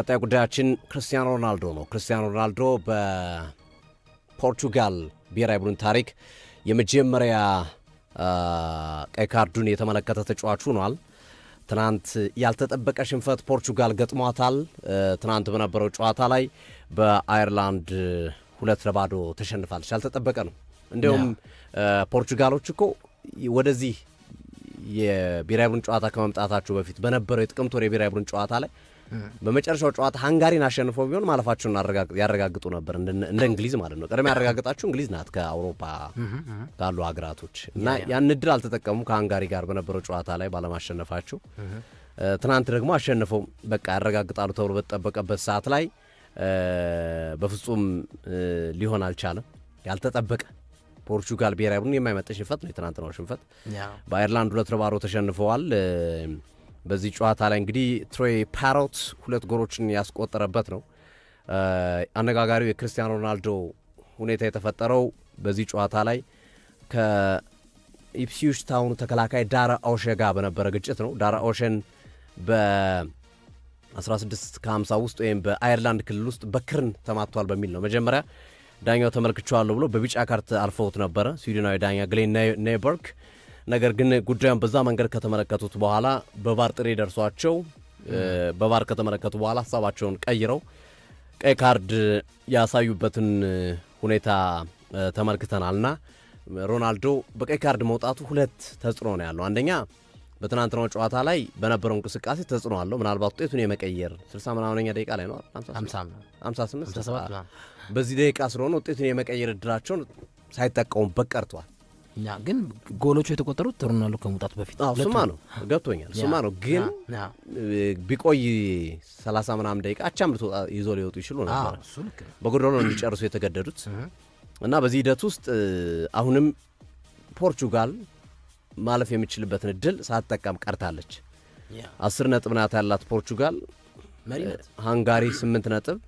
ቀጣይ ጉዳያችን ክርስቲያኖ ሮናልዶ ነው። ክርስቲያኖ ሮናልዶ በፖርቹጋል ብሔራዊ ቡድን ታሪክ የመጀመሪያ ቀይ ካርዱን የተመለከተ ተጫዋች ሆኗል። ትናንት ያልተጠበቀ ሽንፈት ፖርቹጋል ገጥሟታል። ትናንት በነበረው ጨዋታ ላይ በአየርላንድ ሁለት ለባዶ ተሸንፋለች። ያልተጠበቀ ነው። እንዲሁም ፖርቹጋሎች እኮ ወደዚህ የብሔራዊ ቡድን ጨዋታ ከመምጣታቸው በፊት በነበረው የጥቅምት ወር የብሔራዊ ቡድን ጨዋታ ላይ በመጨረሻው ጨዋታ ሃንጋሪን አሸንፎ ቢሆን ማለፋቸውን ያረጋግጡ ነበር፣ እንደ እንግሊዝ ማለት ነው። ቀደም ያረጋግጣችሁ እንግሊዝ ናት ከአውሮፓ ካሉ ሀገራቶች እና ያን እድል አልተጠቀሙም ከሃንጋሪ ጋር በነበረው ጨዋታ ላይ ባለማሸነፋቸው። ትናንት ደግሞ አሸንፈው በቃ ያረጋግጣሉ ተብሎ በተጠበቀበት ሰዓት ላይ በፍጹም ሊሆን አልቻለም። ያልተጠበቀ ፖርቹጋል ብሔራዊ ቡድን የማይመጠ ሽንፈት ነው የትናንትናው ሽንፈት። በአይርላንድ ሁለት ለባዶ ተሸንፈዋል። በዚህ ጨዋታ ላይ እንግዲህ ትሮይ ፓሮት ሁለት ጎሎችን ያስቆጠረበት ነው። አነጋጋሪው የክርስቲያኖ ሮናልዶ ሁኔታ የተፈጠረው በዚህ ጨዋታ ላይ ከኢፕሲዊች ታውኑ ተከላካይ ዳራ ኦሼ ጋር በነበረ ግጭት ነው። ዳራ ኦሼን በ 1650 ውስጥ ወይም በአየርላንድ ክልል ውስጥ በክርን ተማቷል በሚል ነው መጀመሪያ ዳኛው ተመልክቼዋለሁ ብሎ በቢጫ ካርት አልፈውት ነበረ። ስዊድናዊ ዳኛ ግሌን ኔበርግ ነገር ግን ጉዳዩን በዛ መንገድ ከተመለከቱት በኋላ በቫር ጥሪ ደርሷቸው በቫር ከተመለከቱ በኋላ ሀሳባቸውን ቀይረው ቀይ ካርድ ያሳዩበትን ሁኔታ ተመልክተናልና ሮናልዶ በቀይ ካርድ መውጣቱ ሁለት ተጽዕኖ ነው ያለው። አንደኛ በትናንትናው ጨዋታ ላይ በነበረው እንቅስቃሴ ተጽዕኖ አለው። ምናልባት ውጤቱን የመቀየር 60 ምናምነኛ ደቂቃ ላይ ነው 58 በዚህ ደቂቃ ስለሆነ ውጤቱን የመቀየር እድላቸውን ሳይጠቀሙበት ቀርቷል። እኛ ግን ጎሎቹ የተቆጠሩት ሮናልዶ ከመውጣቱ በፊት ስማ ነው ገብቶኛል። ስማ ነው ግን ቢቆይ ሰላሳ ምናምን ደቂቃ አቻም ይዞ ሊወጡ ይችሉ ነበር። በጎድሎ ነው እንዲጨርሱ የተገደዱት እና በዚህ ሂደት ውስጥ አሁንም ፖርቹጋል ማለፍ የሚችልበትን እድል ሳትጠቀም ቀርታለች። አስር ነጥብ ናት ያላት ፖርቹጋል፣ ሃንጋሪ ስምንት ነጥብ፣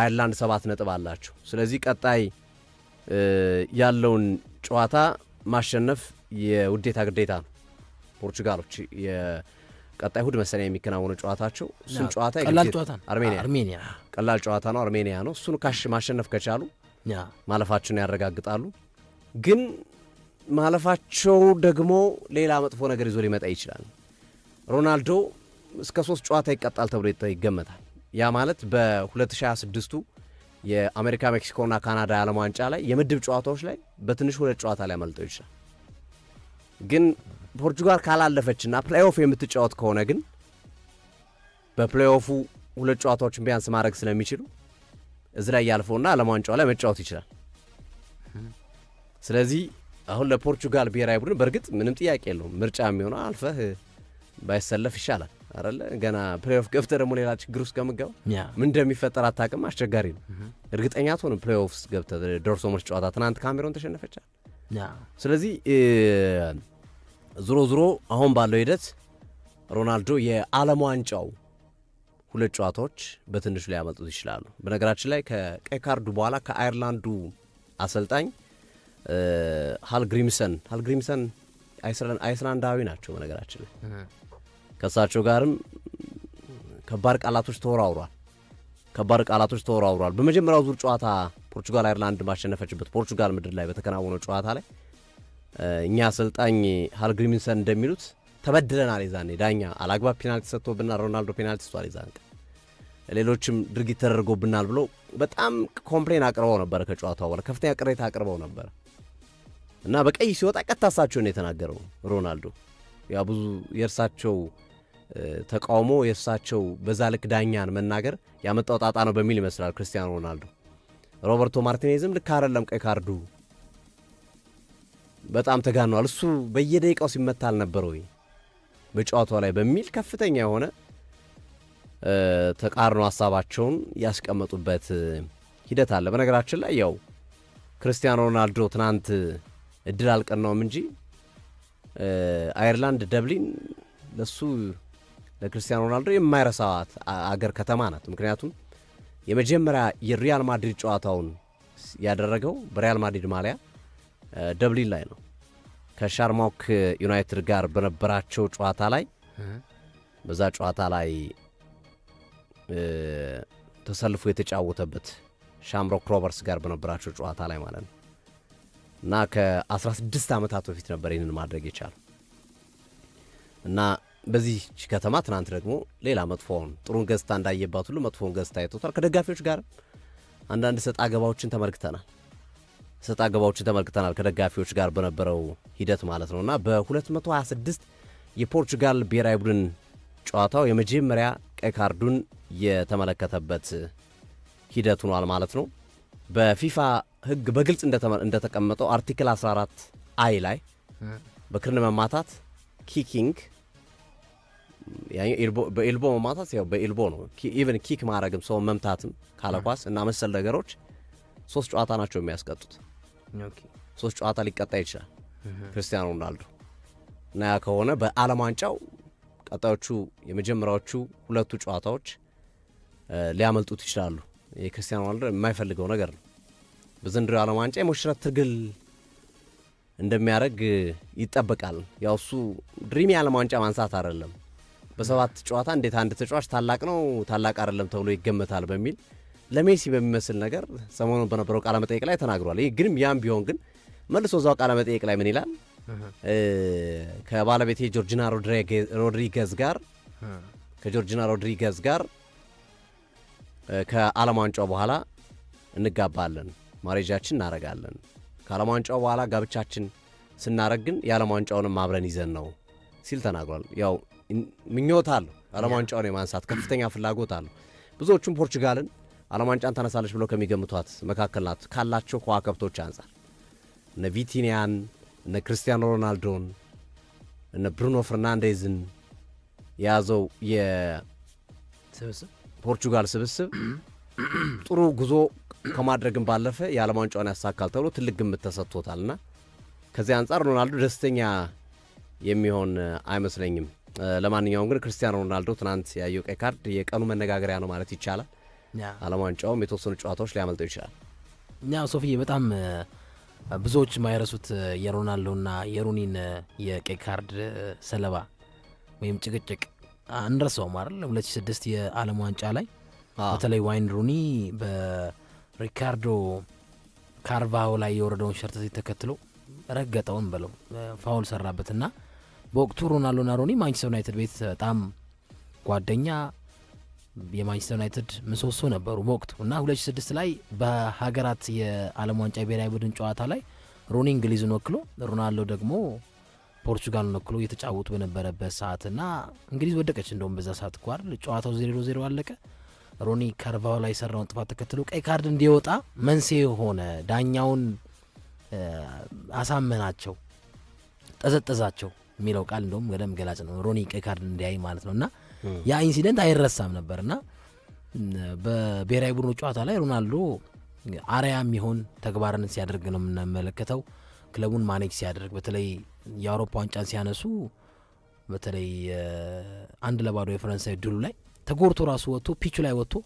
አየርላንድ ሰባት ነጥብ አላቸው። ስለዚህ ቀጣይ ያለውን ጨዋታ ማሸነፍ የውዴታ ግዴታ ነው። ፖርቹጋሎች የቀጣይ እሁድ መሰለኝ የሚከናወነው ጨዋታቸው እሱን ጨዋታ አርሜኒያ ቀላል ጨዋታ ነው፣ አርሜኒያ ነው። እሱን ካሽ ማሸነፍ ከቻሉ ማለፋቸውን ያረጋግጣሉ። ግን ማለፋቸው ደግሞ ሌላ መጥፎ ነገር ይዞ ሊመጣ ይችላል። ሮናልዶ እስከ ሶስት ጨዋታ ይቀጣል ተብሎ ይገመታል። ያ ማለት በ2026ቱ የአሜሪካ ሜክሲኮና ካናዳ የዓለም ዋንጫ ላይ የምድብ ጨዋታዎች ላይ በትንሹ ሁለት ጨዋታ ላይ መልጠው ይችላል። ግን ፖርቹጋል ካላለፈችና ፕሌይኦፍ የምትጫወት ከሆነ ግን በፕሌይኦፉ ሁለት ጨዋታዎችን ቢያንስ ማድረግ ስለሚችሉ እዚህ ላይ ያልፈውና ዓለም ዋንጫው ላይ መጫወት ይችላል። ስለዚህ አሁን ለፖርቹጋል ብሔራዊ ቡድን በእርግጥ ምንም ጥያቄ የለውም ምርጫ የሚሆነው አልፈህ ባይሰለፍ ይሻላል። አለ ገና ፕሌኦፍ ገብተህ ደግሞ ሌላ ችግር ውስጥ ከምገባ ምን እንደሚፈጠር አታውቅም። አስቸጋሪ ነው። እርግጠኛ ትሆን ፕሌኦፍ ውስጥ ደርሶ መልስ ጨዋታ ትናንት ካሜሮን ተሸነፈቻል። ስለዚህ ዝሮ ዝሮ አሁን ባለው ሂደት ሮናልዶ የዓለም ዋንጫው ሁለት ጨዋታዎች በትንሹ ሊያመልጡት ይችላሉ። በነገራችን ላይ ከቀይ ካርዱ በኋላ ከአይርላንዱ አሰልጣኝ ሃልግሪምሰን ሃልግሪምሰን አይስላንዳዊ ናቸው በነገራችን ላይ ከእሳቸው ጋርም ከባድ ቃላቶች ተወራውሯል። ከባድ ቃላቶች ተወራውሯል። በመጀመሪያው ዙር ጨዋታ ፖርቹጋል አይርላንድ ባሸነፈችበት ፖርቹጋል ምድር ላይ በተከናወነው ጨዋታ ላይ እኛ አሰልጣኝ ሃልግሪሚንሰን እንደሚሉት ተበድለናል። የዛኔ ዳኛ አላግባብ ፔናልቲ ሰጥቶብናል። ሮናልዶ ፔናልቲ ስቷል። የዛን ሌሎችም ድርጊት ተደርጎብናል ብሎ በጣም ኮምፕሌን አቅርበው ነበረ። ከጨዋታው በኋላ ከፍተኛ ቅሬታ አቅርበው ነበረ እና በቀይ ሲወጣ ቀጥታ እሳቸውን የተናገረው ሮናልዶ ያ ብዙ የእርሳቸው ተቃውሞ የእሳቸው በዛ ልክ ዳኛን መናገር ያመጣው ጣጣ ነው በሚል ይመስላል ክርስቲያኖ ሮናልዶ። ሮበርቶ ማርቲኔዝም ልክ አይደለም ቀይ ካርዱ በጣም ተጋኗል፣ እሱ በየደቂቃው ሲመታ አልነበረ ወይ በጨዋታው ላይ በሚል ከፍተኛ የሆነ ተቃርኖ ሀሳባቸውን ያስቀመጡበት ሂደት አለ። በነገራችን ላይ ያው ክርስቲያኖ ሮናልዶ ትናንት እድል አልቀናውም እንጂ አየርላንድ ደብሊን ለሱ ለክርስቲያኖ ሮናልዶ የማይረሳት አገር ከተማ ናት። ምክንያቱም የመጀመሪያ የሪያል ማድሪድ ጨዋታውን ያደረገው በሪያል ማድሪድ ማሊያ ደብሊን ላይ ነው። ከሻርማውክ ዩናይትድ ጋር በነበራቸው ጨዋታ ላይ በዛ ጨዋታ ላይ ተሰልፎ የተጫወተበት ሻምሮክ ሮበርስ ጋር በነበራቸው ጨዋታ ላይ ማለት ነው እና ከ16 ዓመታት በፊት ነበር ይህንን ማድረግ የቻለው እና በዚህ ከተማ ትናንት ደግሞ ሌላ መጥፎውን ጥሩን ገጽታ እንዳየባት ሁሉ መጥፎውን ገጽታ አይቶታል። ከደጋፊዎች ጋር አንዳንድ ሰጣ ገባዎችን ተመልክተናል ሰጣ ገባዎችን ተመልክተናል ከደጋፊዎች ጋር በነበረው ሂደት ማለት ነውና በ226 የፖርቹጋል ብሔራዊ ቡድን ጨዋታው የመጀመሪያ ቀይ ካርዱን የተመለከተበት ሂደት ሆኗል ማለት ነው። በፊፋ ሕግ በግልጽ እንደተቀመጠው አርቲክል 14 አይ ላይ በክርን መማታት ኪኪንግ በኤልቦ መማታት ያው በኤልቦ ነው። ኢቨን ኪክ ማድረግም ሰው መምታትም ካለኳስ እና መሰል ነገሮች ሶስት ጨዋታ ናቸው የሚያስቀጡት። ሶስት ጨዋታ ሊቀጣ ይችላል ክርስቲያኖ ሮናልዶ እና ያ ከሆነ በዓለም ዋንጫው ቀጣዮቹ የመጀመሪያዎቹ ሁለቱ ጨዋታዎች ሊያመልጡት ይችላሉ። የክርስቲያኖ ሮናልዶ የማይፈልገው ነገር ነው። በዘንድሮ ዓለም ዋንጫ የሞሽረት ትግል እንደሚያደርግ ይጠበቃል። ያው እሱ ድሪም የዓለም ዋንጫ ማንሳት አይደለም በሰባት ጨዋታ እንዴት አንድ ተጫዋች ታላቅ ነው ታላቅ አይደለም ተብሎ ይገመታል በሚል ለሜሲ በሚመስል ነገር ሰሞኑን በነበረው ቃለ መጠየቅ ላይ ተናግሯል። ይህ ግን ያም ቢሆን ግን መልሶ እዛው ቃለ መጠየቅ ላይ ምን ይላል? ከባለቤቴ ጆርጂና ሮድሪገዝ ጋር ከጆርጂና ሮድሪገዝ ጋር ከዓለም ዋንጫው በኋላ እንጋባለን፣ ማሬጃችን እናረጋለን። ከዓለም ዋንጫው በኋላ ጋብቻችን ስናረግ ግን የዓለም ዋንጫውንም አብረን ይዘን ነው ሲል ተናግሯል። ያው ምኞት አለው። ዓለም ዋንጫውን የማንሳት ከፍተኛ ፍላጎት አለው። ብዙዎቹም ፖርቹጋልን ዓለም ዋንጫን ታነሳለች ብለው ከሚገምቷት መካከል ናት። ካላቸው ከዋከብቶች አንጻር እነ ቪቲኒያን፣ እነ ክርስቲያኖ ሮናልዶን፣ እነ ብሩኖ ፈርናንዴዝን የያዘው የፖርቹጋል ስብስብ ጥሩ ጉዞ ከማድረግም ባለፈ የዓለም ዋንጫውን ያሳካል ተብሎ ትልቅ ግምት ተሰጥቶታልና ከዚህ አንጻር ሮናልዶ ደስተኛ የሚሆን አይመስለኝም። ለማንኛውም ግን ክርስቲያኖ ሮናልዶ ትናንት ያየው ቀይ ካርድ የቀኑ መነጋገሪያ ነው ማለት ይቻላል። ዓለም ዋንጫውም የተወሰኑ ጨዋታዎች ሊያመልጠው ይችላል። ያ ሶፊዬ በጣም ብዙዎች የማይረሱት የሮናልዶና የሩኒን የቀይ ካርድ ሰለባ ወይም ጭቅጭቅ አንረሳውም አይደል? 2006 የዓለም ዋንጫ ላይ በተለይ ዋይን ሩኒ በሪካርዶ ካርቫሆ ላይ የወረደውን ሸርተት ተከትሎ ረገጠውን ብለው ፋውል ሰራበትና በወቅቱ ሮናልዶና ሮኒ ማንቸስተር ዩናይትድ ቤት በጣም ጓደኛ የማንቸስተር ዩናይትድ ምሰሶ ነበሩ በወቅቱ እና 2006 ላይ በሀገራት የዓለም ዋንጫ ብሔራዊ ቡድን ጨዋታ ላይ ሮኒ እንግሊዝን ወክሎ ሮናልዶ ደግሞ ፖርቹጋልን ወክሎ እየተጫወቱ በነበረበት ሰዓት እና እንግሊዝ ወደቀች። እንደውም በዛ ሰዓት ኳር ጨዋታው ዜሮ ዜሮ አለቀ። ሮኒ ከርቫው ላይ የሰራውን ጥፋት ተከትሎ ቀይ ካርድ እንዲወጣ መንስኤ ሆነ። ዳኛውን አሳመናቸው፣ ጠዘጠዛቸው። የሚለው ቃል እንደውም በደንብ ገላጭ ነው። ሮኒ ቀይ ካርድ እንዲያይ ማለት ነው እና ያ ኢንሲደንት አይረሳም ነበር እና በብሔራዊ ቡድኑ ጨዋታ ላይ ሮናልዶ አሪያ የሚሆን ተግባርን ሲያደርግ ነው የምንመለከተው። ክለቡን ማኔጅ ሲያደርግ በተለይ የአውሮፓ ዋንጫን ሲያነሱ በተለይ አንድ ለባዶ የፈረንሳይ ድሉ ላይ ተጎርቶ ራሱ ወጥቶ ፒቹ ላይ ወጥቶ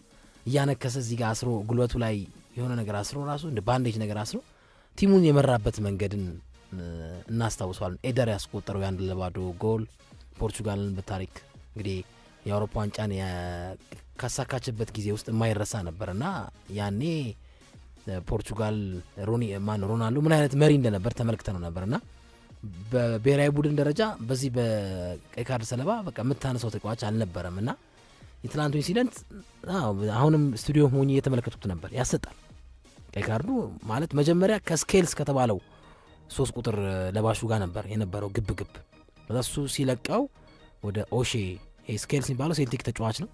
እያነከሰ እዚህ ጋር አስሮ ጉልበቱ ላይ የሆነ ነገር አስሮ ራሱ እንደ ባንዴጅ ነገር አስሮ ቲሙን የመራበት መንገድን እናስታውሰዋለን። ኤደር ያስቆጠረው የአንድ ለባዶ ጎል ፖርቹጋልን በታሪክ እንግዲህ የአውሮፓ ዋንጫን ካሳካችበት ጊዜ ውስጥ የማይረሳ ነበር እና ያኔ ፖርቹጋል ሮኒ ማን ሮናልዶ ምን አይነት መሪ እንደነበር ተመልክተ ነው ነበር እና በብሔራዊ ቡድን ደረጃ በዚህ በቀይ ካርድ ሰለባ በቃ የምታነሰው ተጫዋች አልነበረም እና የትናንቱ ኢንሲደንት አሁንም ስቱዲዮ ሆኜ እየተመለከቱት ነበር። ያሰጣል። ቀይ ካርዱ ማለት መጀመሪያ ከስኬልስ ከተባለው ሶስት ቁጥር ለባሹ ጋር ነበር የነበረው ግብ ግብ። በዛ እሱ ሲለቀው ወደ ኦሼ ስኬልስ የሚባለው ሴልቲክ ተጫዋች ነው።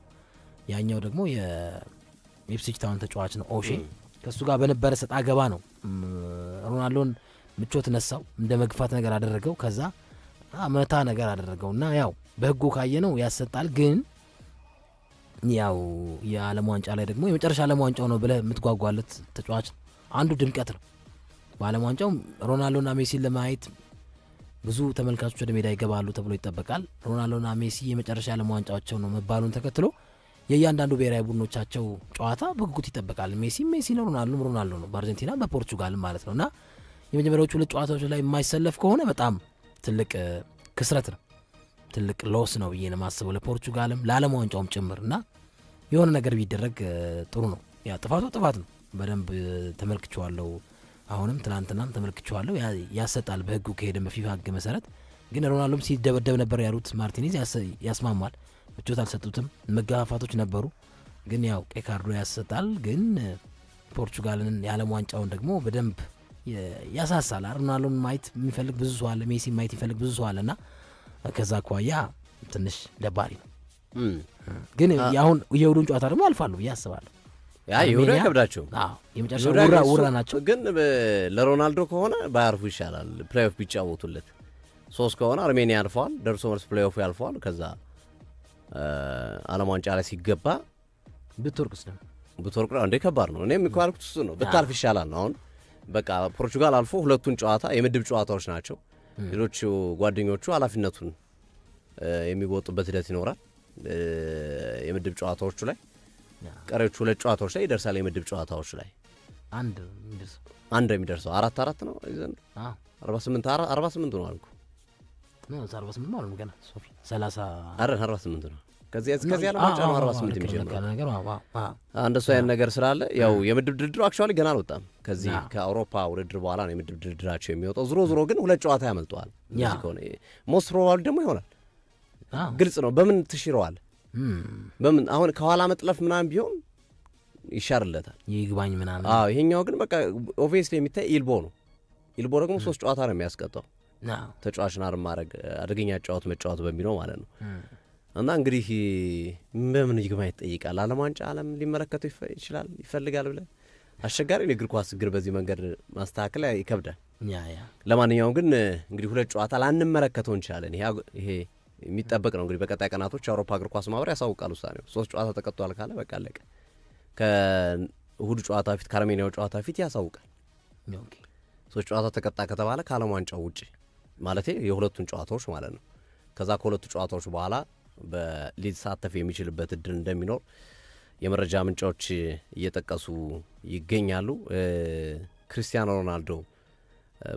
ያኛው ደግሞ የኢፕስዊች ታውን ተጫዋች ነው ኦሼ። ከእሱ ጋር በነበረ ሰጣ ገባ ነው ሮናልዶን ምቾት ነሳው፣ እንደ መግፋት ነገር አደረገው፣ ከዛ መታ ነገር አደረገው እና ያው በህጉ ካየ ነው ያሰጣል። ግን ያው የዓለም ዋንጫ ላይ ደግሞ የመጨረሻ ዓለም ዋንጫው ነው ብለ የምትጓጓለት ተጫዋች አንዱ ድምቀት ነው። በዓለም ዋንጫው ሮናልዶና ሜሲን ለማየት ብዙ ተመልካቾች ወደ ሜዳ ይገባሉ ተብሎ ይጠበቃል። ሮናልዶና ሜሲ የመጨረሻ የዓለም ዋንጫቸው ነው መባሉን ተከትሎ የእያንዳንዱ ብሔራዊ ቡድኖቻቸው ጨዋታ በጉጉት ይጠበቃል። ሜሲ ሜሲ ነው፣ ሮናልዶም ሮናልዶ ነው፣ በአርጀንቲና በፖርቹጋልም ማለት ነው እና የመጀመሪያዎቹ ሁለት ጨዋታዎች ላይ የማይሰለፍ ከሆነ በጣም ትልቅ ክስረት ነው፣ ትልቅ ሎስ ነው ብዬ ነው የማስበው ለፖርቹጋልም ለዓለም ዋንጫውም ጭምር እና የሆነ ነገር ቢደረግ ጥሩ ነው። ያ ጥፋቱ ጥፋት ነው፣ በደንብ ተመልክቼዋለሁ። አሁንም ትናንትናም ተመልክቸዋለሁ። ያሰጣል በህጉ ከሄደ በፊፋ ህግ መሰረት ግን ሮናልዶም ሲደበደብ ነበር ያሉት ማርቲኔዝ ያስማማል። ምቾት አልሰጡትም። መጋፋፋቶች ነበሩ። ግን ያው ቀይ ካርዶ ያሰጣል። ግን ፖርቹጋልን የዓለም ዋንጫውን ደግሞ በደንብ ያሳሳል። ሮናልዶን ማየት የሚፈልግ ብዙ ሰው አለ። ሜሲ ማየት የሚፈልግ ብዙ ሰው አለ እና ከዛ አኳያ ትንሽ ደባሪ ነው። ግን አሁን የሁሉን ጨዋታ ደግሞ አልፋለሁ ብዬ አስባለሁ። የወዱ አይከብዳቸውም። ውራ ናቸው። ግን ለሮናልዶ ከሆነ ባያርፉ ይሻላል። ፕሌይኦፍ ቢጫወቱለት። ሶስት ከሆነ አርሜኒያ አልፈዋል፣ ደርሶ መልስ ፕሌይ ያልፈዋል። ከዛ ዓለም ዋንጫ ላይ ሲገባ ብትወርቅስ ነው ብትወርቅ ነው እንዴ ከባድ ነው። እኔም እኮ ያልኩት እሱ ነው። ብታልፍ ይሻላል ነው። አሁን በቃ ፖርቹጋል አልፎ ሁለቱን ጨዋታ የምድብ ጨዋታዎች ናቸው። ሌሎቹ ጓደኞቹ ኃላፊነቱን የሚወጡበት ሂደት ይኖራል የምድብ ጨዋታዎቹ ላይ ቀሪዎቹ ሁለት ጨዋታዎች ላይ ይደርሳል። የምድብ ጨዋታዎች ላይ አንድ አንድ የሚደርሰው አራት አራት ነው። ዘንድሮ አርባ ስምንት አርባ ስምንት ነው አልኩ አርባ ስምንት ነው አልኩ ገና ሰላሳ አርባ ስምንት ነው ከዚያ ለማጫ ነው አርባ ስምንት የሚጀምረው እንደሱ አይነት ነገር ስላለ ያው የምድብ ድርድሩ አክቹዋሊ ገና አልወጣም። ከዚህ ከአውሮፓ ውድድር በኋላ ነው የምድብ ድርድራቸው የሚወጣው። ዝሮ ዝሮ ግን ሁለት ጨዋታ ያመልጠዋል። ሞስት ፕሮባብሊ ደግሞ ይሆናል። ግልጽ ነው። በምን ትሽረዋል? በምን አሁን ከኋላ መጥለፍ ምናምን ቢሆን ይሻርለታል ይግባኝ ምናምን። አዎ ይሄኛው ግን በቃ ኦቬንስ የሚታይ ኢልቦ ነው። ኢልቦ ደግሞ ሶስት ጨዋታ ነው የሚያስቀጣው ተጫዋችን አር ማድረግ አደገኛ ጨዋት መጫወት በሚለው ማለት ነው። እና እንግዲህ በምን ይግባኝ ይጠይቃል። ዓለም ዋንጫ ዓለም ሊመለከተው ይችላል ይፈልጋል ብለ አስቸጋሪ ነው። የእግር ኳስ ችግር በዚህ መንገድ ማስተካከል ይከብዳል። ለማንኛውም ግን እንግዲህ ሁለት ጨዋታ ላንመለከተው እንችላለን ይሄ የሚጠበቅ ነው። እንግዲህ በቀጣይ ቀናቶች የአውሮፓ እግር ኳስ ማህበር ያሳውቃል ውሳኔው። ሶስት ጨዋታ ተቀጥቷል ካለ በቃ አለቀ። ከእሁድ ጨዋታ ፊት ከአርሜኒያው ጨዋታ ፊት ያሳውቃል። ሶስት ጨዋታ ተቀጣ ከተባለ ከዓለም ዋንጫው ውጭ ማለት የሁለቱን ጨዋታዎች ማለት ነው። ከዛ ከሁለቱ ጨዋታዎች በኋላ ሊሳተፍ የሚችልበት እድል እንደሚኖር የመረጃ ምንጫዎች እየጠቀሱ ይገኛሉ። ክሪስቲያኖ ሮናልዶ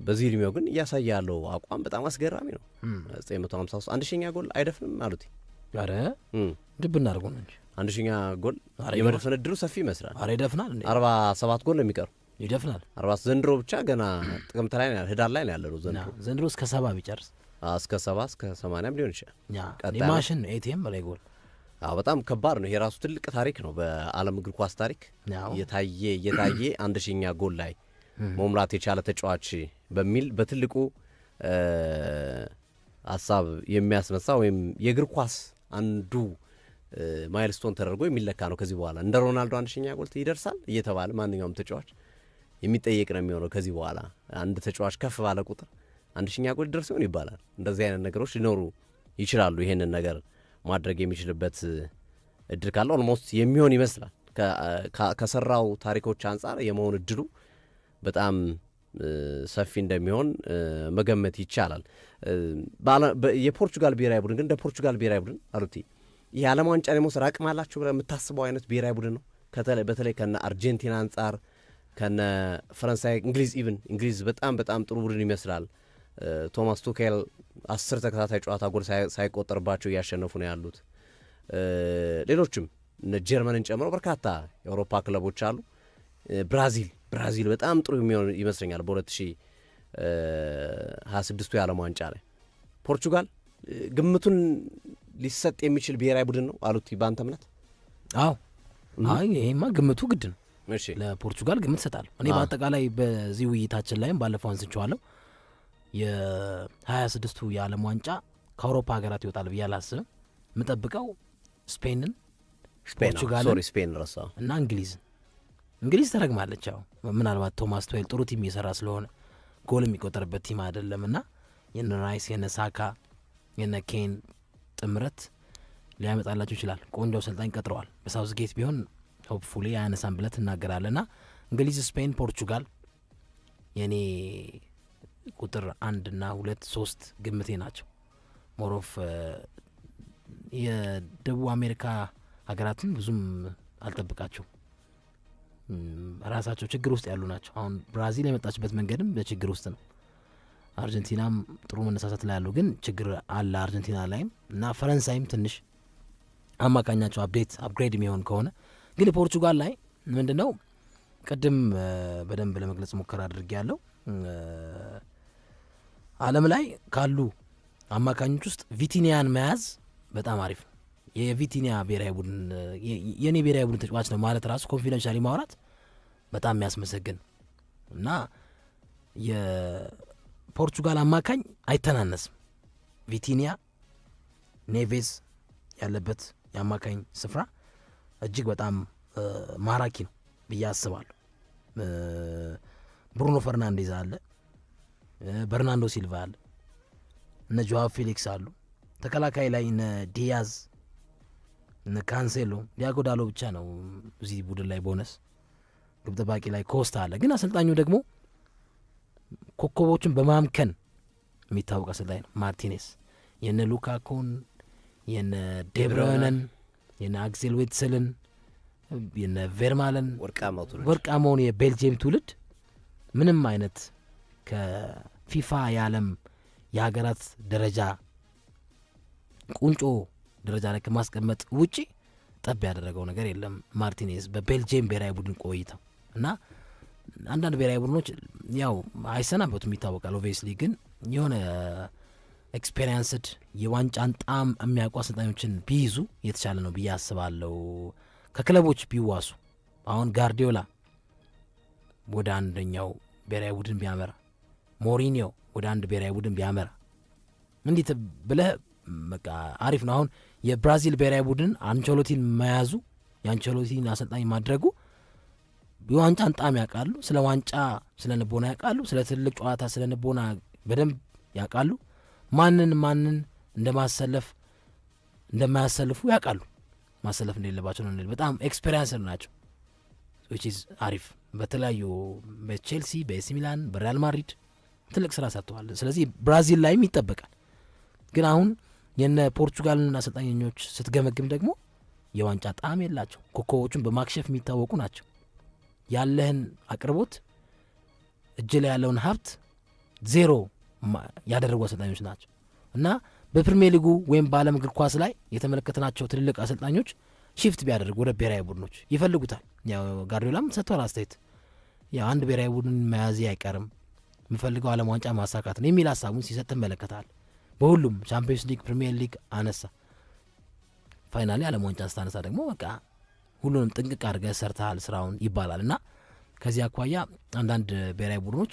በዚህ እድሜው ግን እያሳየ ያለው አቋም በጣም አስገራሚ ነው። 953 አንድ ሺኛ ጎል አይደፍንም አሉት። አረ ድብ እናድርጉ ነው እንጂ አንድ ሺኛ ጎል የመደፍን እድሉ ሰፊ ይመስላል። አረ ይደፍናል። አርባ ሰባት ጎል ነው የሚቀሩ ይደፍናል። አርባ ዘንድሮ ብቻ ገና ጥቅምት ላይ ነው ህዳር ላይ ነው ያለው ዘንድሮ ዘንድሮ እስከ ሰባ ቢጨርስ እስከ ሰባ እስከ ሰማንያም ሊሆን ይችላል። ማሽን ነው ኤቲኤም በላይ ጎል በጣም ከባድ ነው። የራሱ ትልቅ ታሪክ ነው። በዓለም እግር ኳስ ታሪክ እየታየ እየታየ አንድ ሺኛ ጎል ላይ መምራት የቻለ ተጫዋች በሚል በትልቁ ሀሳብ የሚያስነሳ ወይም የእግር ኳስ አንዱ ማይልስቶን ተደርጎ የሚለካ ነው። ከዚህ በኋላ እንደ ሮናልዶ አንድ ሺኛ ጎል ይደርሳል እየተባለ ማንኛውም ተጫዋች የሚጠየቅ ነው የሚሆነው። ከዚህ በኋላ አንድ ተጫዋች ከፍ ባለ ቁጥር አንድ ሺኛ ጎል ይደርስ ይሆን ይባላል። እንደዚህ አይነት ነገሮች ሊኖሩ ይችላሉ። ይሄንን ነገር ማድረግ የሚችልበት እድል ካለ ኦልሞስት የሚሆን ይመስላል። ከሰራው ታሪኮች አንጻር የመሆን እድሉ በጣም ሰፊ እንደሚሆን መገመት ይቻላል። የፖርቹጋል ብሔራዊ ቡድን ግን እንደ ፖርቹጋል ብሔራዊ ቡድን አሉቲ የዓለም ዋንጫ የመውሰድ አቅም አላቸው ብለህ የምታስበው አይነት ብሔራዊ ቡድን ነው። በተለይ ከነ አርጀንቲና አንጻር ከነ ፈረንሳይ፣ እንግሊዝ ኢቭን እንግሊዝ በጣም በጣም ጥሩ ቡድን ይመስላል። ቶማስ ቱኬል አስር ተከታታይ ጨዋታ ጎል ሳይቆጠርባቸው እያሸነፉ ነው ያሉት። ሌሎችም ጀርመንን ጨምሮ በርካታ የአውሮፓ ክለቦች አሉ። ብራዚል ብራዚል በጣም ጥሩ የሚሆን ይመስለኛል በ2026ቱ የዓለም ዋንጫ ላይ። ፖርቹጋል ግምቱን ሊሰጥ የሚችል ብሔራዊ ቡድን ነው አሉት በአንተ እምነት? አዎ ይሄማ ግምቱ ግድ ነው። ለፖርቹጋል ግምት ሰጣለሁ። እኔ። በአጠቃላይ በዚህ ውይይታችን ላይም ባለፈው አንስቼዋለሁ የ26ቱ የዓለም ዋንጫ ከአውሮፓ ሀገራት ይወጣል ብዬ አላስብም። የምጠብቀው ስፔንን፣ ፖርቹጋልን እና እንግሊዝን እንግሊዝ ተረግማለች። ያው ምናልባት ቶማስ ቶል ጥሩ ቲም እየሰራ ስለሆነ ጎል የሚቆጠርበት ቲም አይደለም እና የነ ራይስ የነ ሳካ የነ ኬን ጥምረት ሊያመጣላቸው ይችላል። ቆንጆ አሰልጣኝ ቀጥረዋል። በሳውዝ ጌት ቢሆን ሆፕፉሊ አያነሳን ብለ ትናገራለ እና እንግሊዝ፣ ስፔን፣ ፖርቹጋል የኔ ቁጥር አንድ ና ሁለት ሶስት ግምቴ ናቸው። ሞሮፍ የደቡብ አሜሪካ ሀገራትን ብዙም አልጠብቃቸውም። ራሳቸው ችግር ውስጥ ያሉ ናቸው። አሁን ብራዚል የመጣችበት መንገድም በችግር ውስጥ ነው። አርጀንቲናም ጥሩ መነሳሳት ላይ ያሉ ግን ችግር አለ አርጀንቲና ላይም እና ፈረንሳይም ትንሽ አማካኛቸው አፕዴት አፕግሬድ የሚሆን ከሆነ ግን ፖርቹጋል ላይ ነው ቅድም በደንብ ለመግለጽ ሙከራ አድርጌ ያለው ዓለም ላይ ካሉ አማካኞች ውስጥ ቪቲኒያን መያዝ በጣም አሪፍ ነው። የቪቲኒያ ብሔራዊ ቡድን የእኔ ብሔራዊ ቡድን ተጫዋች ነው ማለት ራሱ ኮንፊደንሻሊ ማውራት በጣም የሚያስመሰግን እና የፖርቹጋል አማካኝ አይተናነስም። ቪቲኒያ ኔቬዝ ያለበት የአማካኝ ስፍራ እጅግ በጣም ማራኪ ነው ብዬ አስባለሁ። ብሩኖ ፈርናንዴዝ አለ፣ በርናንዶ ሲልቫ አለ፣ እነ ጆዋ ፌሊክስ አሉ። ተከላካይ ላይ እነ ዲያዝ ካንሴሎ ዲያጎ ዳሎ ብቻ ነው እዚህ ቡድን ላይ ቦነስ ግብ ጠባቂ ላይ ኮስታ አለ። ግን አሰልጣኙ ደግሞ ኮከቦችን በማምከን የሚታወቅ አሰልጣኝ ነው። ማርቲኔስ የነ ሉካኮን የነ ዴብረነን የነ አክሴል ዌትሰልን የነ ቬርማለን ወርቃማውን የቤልጅየም ትውልድ ምንም አይነት ከፊፋ የዓለም የሀገራት ደረጃ ቁንጮ ደረጃ ላይ ከማስቀመጥ ውጪ ጠብ ያደረገው ነገር የለም። ማርቲኔዝ በቤልጅየም ብሔራዊ ቡድን ቆይተው እና አንዳንድ ብሔራዊ ቡድኖች ያው አይሰናበቱም ይታወቃል። ኦብቪየስሊ ግን የሆነ ኤክስፔሪንስድ የዋንጫን ጣዕም የሚያውቁ አሰልጣኞችን ቢይዙ የተሻለ ነው ብዬ አስባለሁ። ከክለቦች ቢዋሱ አሁን ጋርዲዮላ ወደ አንደኛው ብሔራዊ ቡድን ቢያመራ፣ ሞሪኒዮ ወደ አንድ ብሔራዊ ቡድን ቢያመራ እንዲህ ብለህ በቃ አሪፍ ነው። አሁን የብራዚል ብሔራዊ ቡድን አንቸሎቲን መያዙ የአንቸሎቲን አሰልጣኝ ማድረጉ የዋንጫን ጣም ያውቃሉ። ስለ ዋንጫ ስለ ንቦና ያውቃሉ። ስለ ትልቅ ጨዋታ ስለ ንቦና በደንብ ያውቃሉ። ማንን ማንን እንደማሰለፍ እንደማያሰልፉ ያውቃሉ። ማሰለፍ እንደሌለባቸው ነው። በጣም ኤክስፔሪንስ ናቸው። አሪፍ በተለያዩ በቼልሲ በኤሲ ሚላን በሪያል ማድሪድ ትልቅ ስራ ሰርተዋል። ስለዚህ ብራዚል ላይም ይጠበቃል ግን አሁን የነ ፖርቹጋልን አሰልጣኞች ስትገመግም ደግሞ የዋንጫ ጣዕም የላቸው። ኮከቦቹን በማክሸፍ የሚታወቁ ናቸው። ያለህን አቅርቦት እጅ ላይ ያለውን ሀብት ዜሮ ያደረጉ አሰልጣኞች ናቸው እና በፕሪሚየር ሊጉ ወይም በዓለም እግር ኳስ ላይ የተመለከትናቸው ትልልቅ አሰልጣኞች ሺፍት ቢያደርጉ ወደ ብሔራዊ ቡድኖች ይፈልጉታል። ያው ጋርዲዮላም ሰጥቷል አስተያየት፣ ያው አንድ ብሔራዊ ቡድን መያዜ አይቀርም የምፈልገው ዓለም ዋንጫ ማሳካት ነው የሚል ሀሳቡን ሲሰጥ ትመለከታል። በሁሉም ቻምፒዮንስ ሊግ፣ ፕሪሚየር ሊግ አነሳ። ፋይናሊ ዓለም ዋንጫ ስታነሳ ደግሞ በቃ ሁሉንም ጥንቅቅ አድርገ ሰርተሃል ስራውን ይባላል እና ከዚህ አኳያ አንዳንድ ብሔራዊ ቡድኖች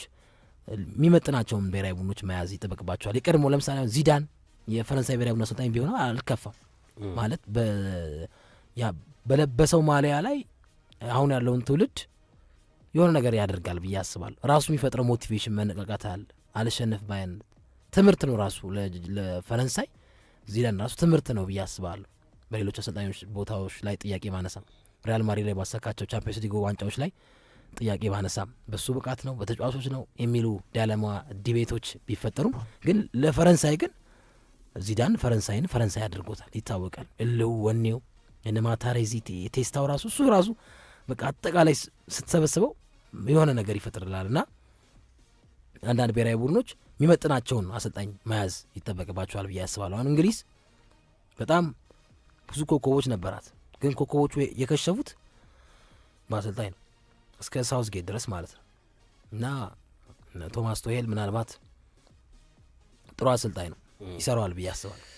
የሚመጥናቸውን ብሔራዊ ቡድኖች መያዝ ይጠበቅባቸዋል። የቀድሞ ለምሳሌ ዚዳን የፈረንሳይ ብሔራዊ ቡድን አሰልጣኝ ቢሆነ አልከፋም ማለት በለበሰው ማሊያ ላይ አሁን ያለውን ትውልድ የሆነ ነገር ያደርጋል ብዬ አስባለሁ። ራሱ የሚፈጥረው ሞቲቬሽን መነቃቃት አለ፣ አልሸነፍ ባይነት ትምህርት ነው ራሱ ለፈረንሳይ ዚዳን ራሱ ትምህርት ነው ብዬ አስባለሁ። በሌሎች አሰልጣኞች ቦታዎች ላይ ጥያቄ ባነሳ፣ ሪያል ማድሪድ ላይ ባሳካቸው ቻምፒዮንስ ሊግ ዋንጫዎች ላይ ጥያቄ ባነሳ፣ በሱ ብቃት ነው በተጫዋቾች ነው የሚሉ ዳለማ ዲቤቶች ቢፈጠሩም ግን ለፈረንሳይ ግን ዚዳን ፈረንሳይን ፈረንሳይ አድርጎታል። ይታወቃል። እልው ወኔው እነማታሬዚ ቴስታው ራሱ እሱ ራሱ በቃ አጠቃላይ ስትሰበስበው የሆነ ነገር ይፈጥርላል እና አንዳንድ ብሔራዊ ቡድኖች የሚመጥናቸውን አሰልጣኝ መያዝ ይጠበቅባቸዋል ብዬ ያስባለሁ። አሁን እንግሊዝ በጣም ብዙ ኮከቦች ነበራት፣ ግን ኮከቦቹ የከሸፉት በአሰልጣኝ ነው እስከ ጌት ድረስ ማለት ነው እና ቶማስ ቶሄል ምናልባት ጥሩ አሰልጣኝ ነው፣ ይሰራዋል ብዬ አስባለሁ።